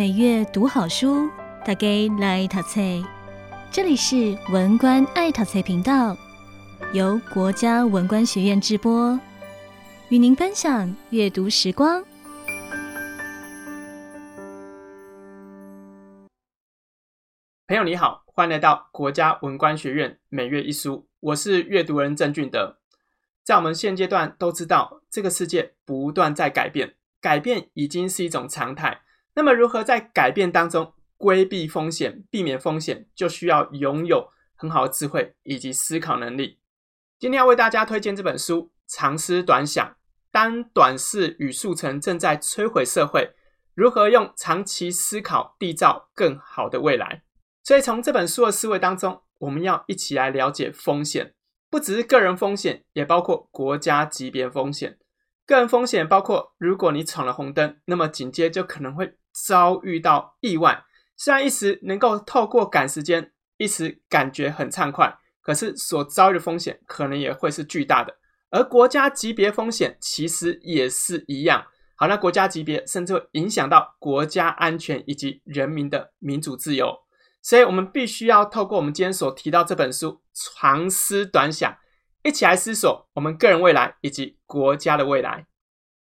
每月讀好書，大家來淘菜。這裡是文官愛淘菜頻道，由國家文官學院直播，與您分享閱讀時光。朋友你好，歡迎來到國家文官學院每月一書，我是閱讀人鄭俊德。在我們現階段都知道，這個世界不斷在改變，改變已經是一種常態。那麼，如何在改變當中規避風險、避免風險，就需要擁有很好的智慧以及思考能力。今天要為大家推薦這本書《長思短想：當短視與速成正在摧毀社會，如何用長期思考締造更好的未來》。所以，從這本書的思維當中，我們要一起來了解風險，不只是個人風險，也包括國家級別風險。個人風險包括，如果你闖了紅燈，那麼緊接就可能會。遭遇到意外，雖然一時能夠透過趕時間，一時感覺很暢快，可是所遭遇的風險可能也會是巨大的。而國家級別風險其實也是一樣。好，那國家級別甚至會影響到國家安全以及人民的民主自由。所以，我們必須要透過我們今天所提到這本書，長思短想，一起來思索我們個人未來以及國家的未來。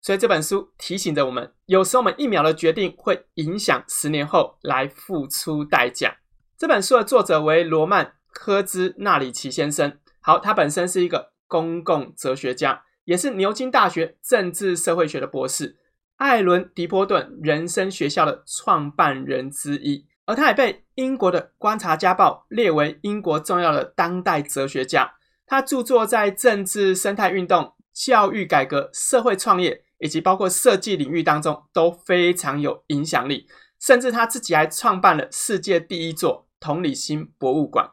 所以這本書提醒着我們，有時候我們一秒的決定會影響十年後來付出代價。這本書的作者為羅曼·科茲納里奇先生。好，他本身是一個公共哲學家，也是牛津大學政治社會學的博士，艾倫·迪波頓人生學校的創辦人之一，而他也被英國的《觀察家報》列為英國重要的當代哲學家。他著作在政治、生態運動、教育改革、社會創業。以及包括設計領域當中都非常有影響力，甚至他自己還創辦了世界第一座同理心博物館。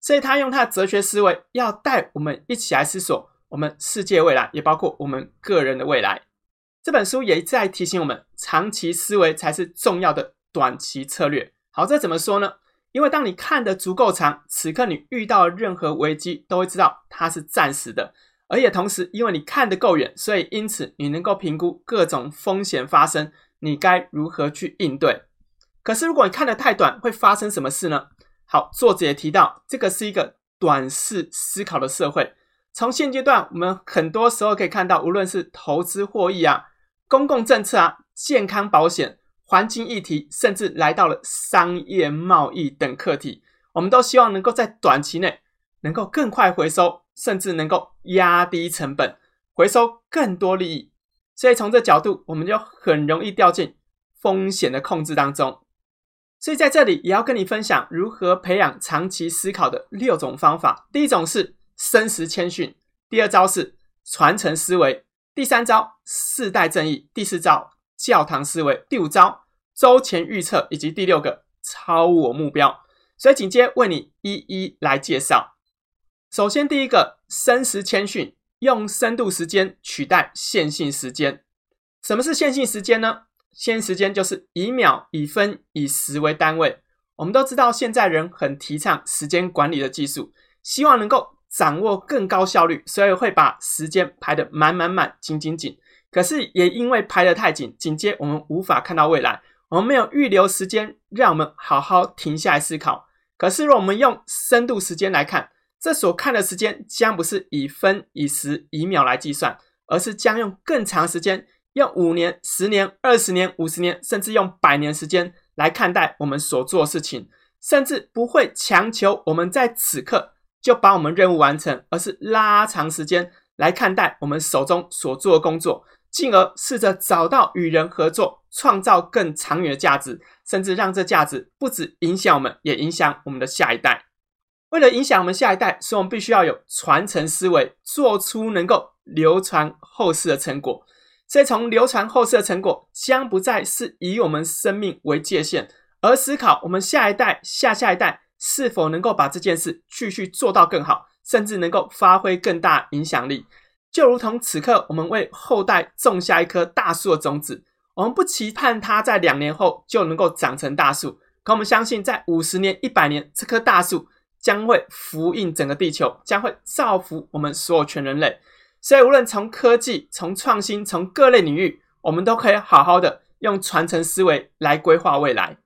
所以，他用他的哲學思維，要帶我們一起來思索我們世界未來，也包括我們個人的未來。這本書也在提醒我們，長期思維才是重要的短期策略。好，這怎麼說呢？因為當你看得足夠長，此刻你遇到任何危機，都會知道它是暫時的。而也同時，因為你看得夠遠，所以因此你能夠評估各種風險發生，你該如何去應對。可是如果你看得太短，會發生什麼事呢？好，作者也提到，這個是一個短視思考的社會。從現階段，我們很多時候可以看到，無論是投資獲益啊、公共政策啊、健康保險、環境議題，甚至來到了商業貿易等課題，我們都希望能夠在短期內能夠更快回收。甚至能夠壓低成本，回收更多利益，所以從這角度，我們就很容易掉進風險的控制當中。所以在這裡，也要跟你分享如何培養長期思考的六種方法。第一種是深時謙遜，第二招是傳承思維，第三招世代正義，第四招教堂思維，第五招周前預測，以及第六個超我目標。所以，緊接為你一一來介紹。首先，第一個，深時謙遜，用深度時間取代線性時間。什麼是線性時間呢？線時間就是以秒、以分、以時為單位。我們都知道，現在人很提倡時間管理的技術，希望能夠掌握更高效率，所以會把時間排得滿滿滿、緊緊緊。可是也因為排得太緊，緊接我們無法看到未來，我們沒有預留時間，讓我們好好停下來思考。可是，如果我們用深度時間來看。這所看的時間將不是以分、以時、以秒來計算，而是將用更長時間，用五年、十年、二十年、五十年，甚至用百年時間來看待我們所做的事情，甚至不會強求我們在此刻就把我們任務完成，而是拉長時間來看待我們手中所做的工作，進而試着找到與人合作，創造更長遠的價值，甚至讓這價值不止影響我們，也影響我們的下一代。為了影響我們下一代，所以我們必須要有傳承思維，做出能夠流傳後世的成果。這從流傳後世的成果，將不再是以我們生命為界限，而思考我們下一代、下下一代是否能夠把這件事繼續做到更好，甚至能夠發揮更大影響力。就如同此刻，我們為後代種下一棵大樹的種子，我們不期盼它在兩年後就能夠長成大樹，可我們相信，在五十年、一百年，這棵大樹，將會福蔭整個地球，將會造福我們所有全人類。所以，無論從科技、從創新、從各類領域，我們都可以好好的用傳承思維來規劃未來。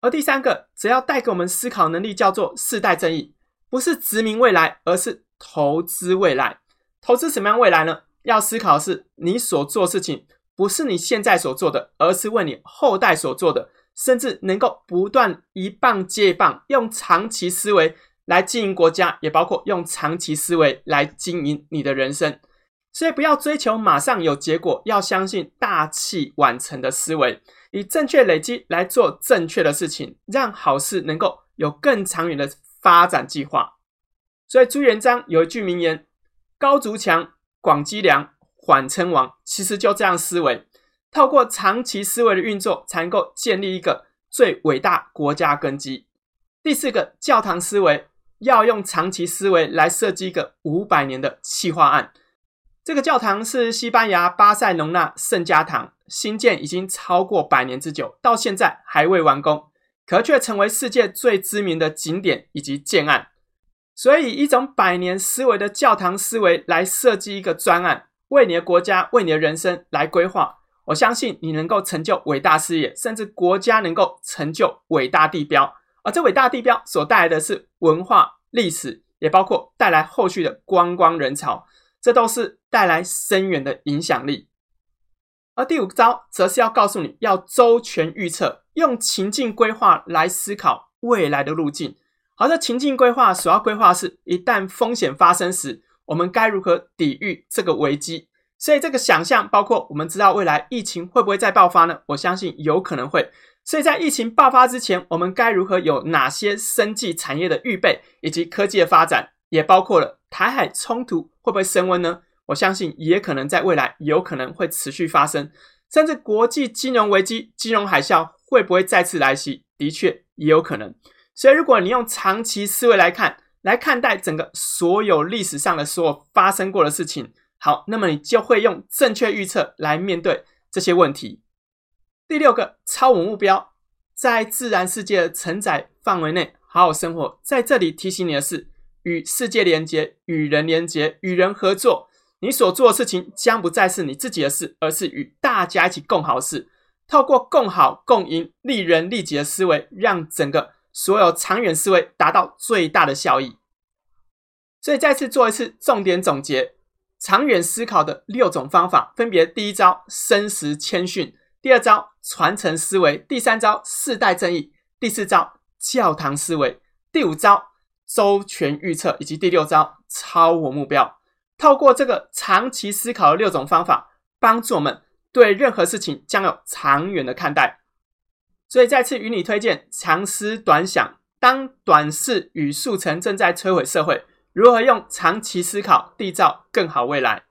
而第三個，只要帶給我們思考能力，叫做世代正義，不是殖民未來，而是投資未來。投資什麼樣未來呢？要思考的是你所做事情，不是你現在所做的，而是為你後代所做的，甚至能夠不斷一棒接一棒，用長期思維。來經營國家，也包括用長期思維來經營你的人生，所以不要追求馬上有結果，要相信大器晚成的思維，以正確累積來做正確的事情，讓好事能夠有更長遠的發展計劃。所以朱元璋有一句名言：“高築牆，廣積糧，緩稱王。”其實就這樣思維，透過長期思維的運作，才能夠建立一個最偉大國家根基。第四個，教堂思維。要用長期思維來設計一個五百年的企劃案。這個教堂是西班牙巴塞隆納聖家堂，新建已經超過百年之久，到現在還未完工，可卻成為世界最知名的景點以及建案。所以，以一種百年思維的教堂思維來設計一個專案，為你的國家、為你的人生來規劃。我相信你能夠成就偉大事業，甚至國家能夠成就偉大地標。而這偉大地標所帶來的是文化、歷史，也包括帶來後續的觀光人潮，這都是帶來深遠的影響力。而第五招則是要告訴你要周全預測，用情境規劃來思考未來的路徑。而這情境規劃，所要規劃是，一旦風險發生時，我們該如何抵禦這個危機？所以這個想象包括我們知道未來疫情會不會再爆發呢？我相信有可能會。所以在疫情爆發之前，我們該如何，有哪些生技產業的預備，以及科技的發展，也包括了台海衝突會不會升溫呢？我相信也可能在未來有可能會持續發生，甚至國際金融危機、金融海嘯會不會再次來襲？的確也有可能。所以如果你用長期思維來看，來看待整個所有歷史上的所有發生過的事情，好，那麼你就會用正確預測來面對這些問題。第六個超穩目標，在自然世界的承載範圍內好好生活。在這裡提醒你的是：與世界連結，與人連結，與人合作。你所做的事情將不再是你自己的事，而是與大家一起共好事。透過共好、共贏、利人利己的思維，讓整個所有長遠思維達到最大的效益。所以，再次做一次重點總結：長遠思考的六種方法，分別第一招：深時謙遜。第二招傳承思維，第三招世代正義，第四招教堂思維，第五招周全預測，以及第六招超我目標。透過這個長期思考的六種方法，幫助我們對任何事情將有長遠的看待。所以再次與你推薦《長思短想》，當短視與速成正在摧毀社會，如何用長期思考締造更好未來？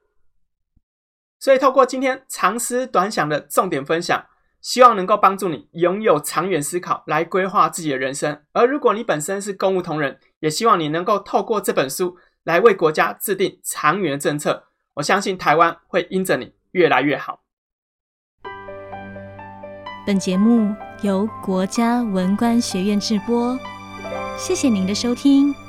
所以，透過今天長思短想的重點分享，希望能夠幫助你擁有長遠思考來規劃自己的人生。而如果你本身是公務同仁，也希望你能夠透過這本書來為國家制定長遠政策。我相信台灣會因着你越來越好。本節目由國家文官學院制播，謝謝您的收聽。